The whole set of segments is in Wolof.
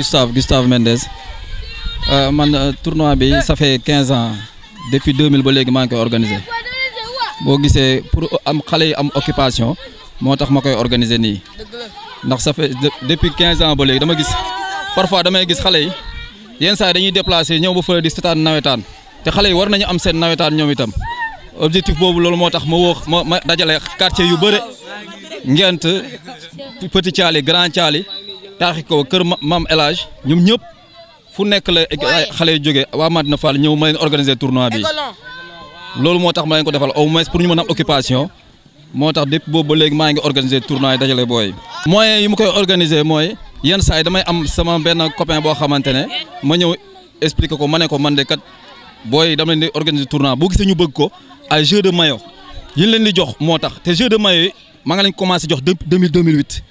Gustave Gustave Mendes euh, man euh, tournoi bi ça fait quinze ans depuis ba léegi maa ngi koy organiser boo gisee pour am xale yi am occupation moo tax ma koy organiser nii ndax ça fait depuis quinze ans ba léegi dama gis parfois damay gis xale yi yenn saa yi dañuy déplacer ñëw ba fële di seetaan nawetaan te xale yi war nañu am seen nawetaan ñoom itam objectif boobu loolu moo tax ma woo ma dajale quartier yu bëre Ngent Petit Thialy Grand Thialy taaxi ko kër maam El Hadj ñoom ñëpp fu nekk la xale yu jógee waa na Fall ñëw ma leen organiser tournoi bi loolu moo tax ma leen ko defal au moins pour ñu mën a am occupation moo tax depuis boobu ba léegi maa ngi organiser tournoi dajale booy. moyens yi mu koy organiser mooy yenn saa yi damay am sama benn copain boo xamante ne ma ñëw expliquer ko ma ne ko man de kat booy dama leen di organiser tournoi boo gisee ñu bëgg ko ay jeu de maillot yi leen di jox moo tax te jeu maa ngi leen commencé jox depuis 2008.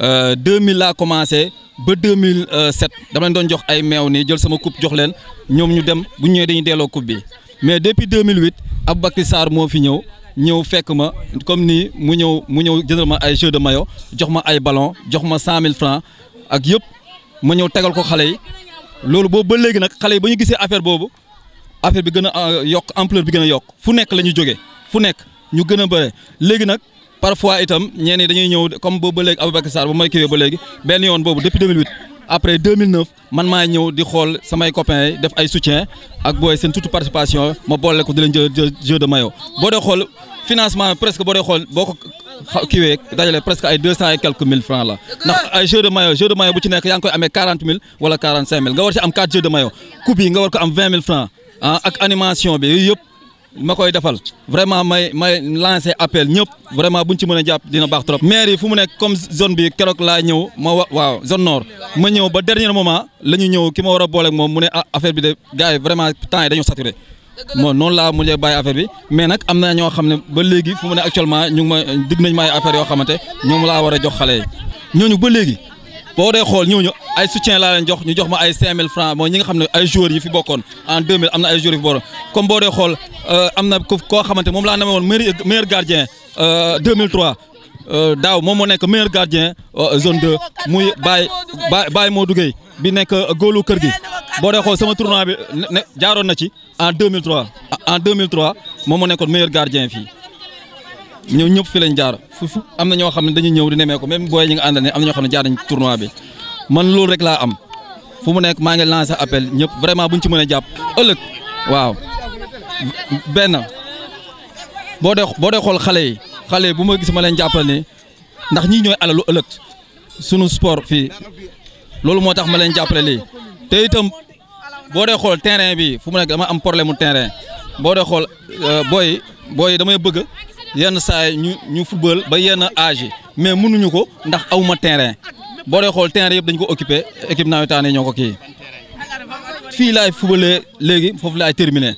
2000 euh, laa commencé ba 2007 dama leen doon jox ay meew nii jël sama coupe jox leen ñoom ñu dem bu ñëwee dañuy delloo coupe bi mais depuis 2008 Aboubacry Sarr moo fi ñëw ñëw fekk ma comme nii mu ñëw mu ñëw jëndal ma ay jeu de maillot jox ma ay ballon jox ma mille francs ak yëpp ma ñëw tegal ko xale yi loolu boobu ba léegi nag xale yi ba ñu gisee affaire boobu affaire bi gën a euh, yokk ampleur bi gën a yokk fu nekk la jóge fu nekk ñu gën a bëre léegi nag. parfois itam ñeen ñi dañuy ñëw comme boobu ba léegi Aboubacar Sarr bu may kiiwee ba léegi benn yoon boobu depuis 2008 après 2009 man maa ñëw di xool samay copains yi def ay soutien ak booy seen toute participation ma boole ko di leen jël boo dee xool financement presque boo dee xool boo dajale presque ay deux francs la ndax ay jeu de maillot jeu de maillot bu ci nekk yaa ngi koy amee quarante mille wala quarante cinq mille nga war ci am quatre jeux de maillot coupe nga war ko am ah ak animation bi yooyu yëpp. ma koy defal vraiment may may lancé appel ñëpp vraiment buñ ci mën a jàpp dina baax trop maire yi fu mu nekk comme zone bi keroog laa ñëw ma wa waaw zone ma ñëw ba dernier moment la ñu ñëw ki ma war a booleeg moom mu ne ah affaire bi de gars yi vraiment temps yi dañoo saturé moom noonu laa mujjee bàyyi affaire bi mais nag am na ñoo xam ne ba léegi fu mu ne actuellement ñu ngi ma dig nañ ma ay affaire yoo xamante ñoom laa war a jox xale yi ñooñu ba léegi boo dee xool ñëw ñu ay soutien laa leen jox ñu jox ma ay 5000 francs mooy ñi nga xam ne ay joueurs yi fi bokkoon en 2000 am na ay joueurs yi fi bokkoon comme boo dee xool euh, am na koo xamante moom laa namewoon meilleur meilleur gardien 2003 euh, euh, daaw moom moo nekk meilleur gardien zone de muy Baye Baye Modou Gueye bi nekk góolu kër gi boo dee xool sama tournoi bi ne jaaroon na ci en 2003 en 2003 moom moo nekkoon meilleur gardien fii. ñëw ñëpp fi lañ jaar fu am na ñoo xam ne dañuy ñëw di nemee ko même booy ñi nga àndal ne am na ñoo xam ne jaar tournoi bi man loolu rek laa am fu mu nekk maa ngi lancé appel ñëpp vraiment buñ ci mën a jàpp ëllëg waaw benn boo dee boo dee xale yi xale yi bu ma gis ma leen jàppale ni ndax ñii ñooy alalu ëllëg sunu sport fii loolu moo tax ma leen jàppale lii te itam boo dee xool terrain bi fu mu nekk dama am problème mu terrain boo dee xool euh, booy booy damay bëgg yenn saa ñu ñu football ba yenn âge mais mënuñu ko ndax awma terrain boo dee xool terrain yëpp dañ ko occupé équipe nawetaan ñoo ko kii fii laay footballee léegi foofu laay terminé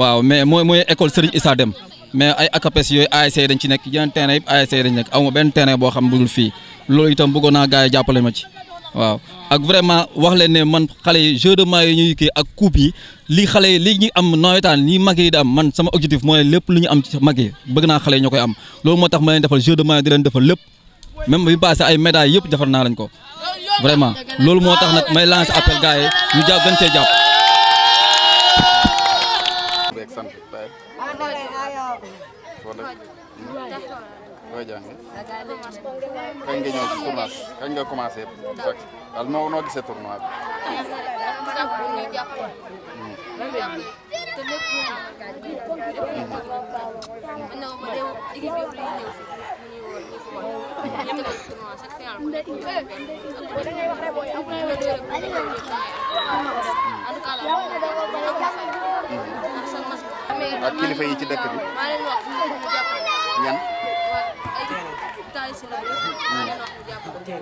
waaw mais mooy mooy école Serigne Issa Deme mais ay ACAPES yooyu ASC dañ ci nekk yenn terrain yëpp ASC dañ nekk awma benn terrain boo xam budul fii loolu itam bëggoon naa gars jàppale ma ci. waaw ak vraiment wax leen ne man xale yi jeu de maillot yi ñuy kii ak coupe yi lii xale yi lii ñu am nawetaan ñi mag yi di am man sama objectif mooy lépp lu ñu am ci mag yi bëgg naa xale yi ñoo koy am loolu moo tax ma leen defal jeu de maillot di leen defal lépp même bi passé ay médailles yëpp defal naa lañ ko vraiment loolu moo tax nag may lancer appel gars yi ñu jàpp gën cee jàpp. looy jàngee. kañ nga ñëw ci tournage kañ nga commencé fekk daal noo noo gisee tournoi bi. Mm-hmm. ak kilifa yi ci dëkk bi. ñan. ay taal si naaw yëpp maa leen wax ñu jàpp ko ndax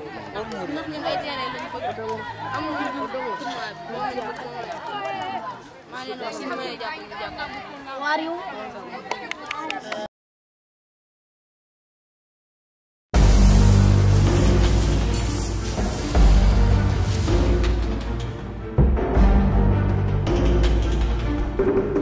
ñun ay terrain lañ bëgg amul lu dul tournoi bi moom lañ bëgg moom lañ maa leen wax si ñu mënee jàpp ñu jàpp thank you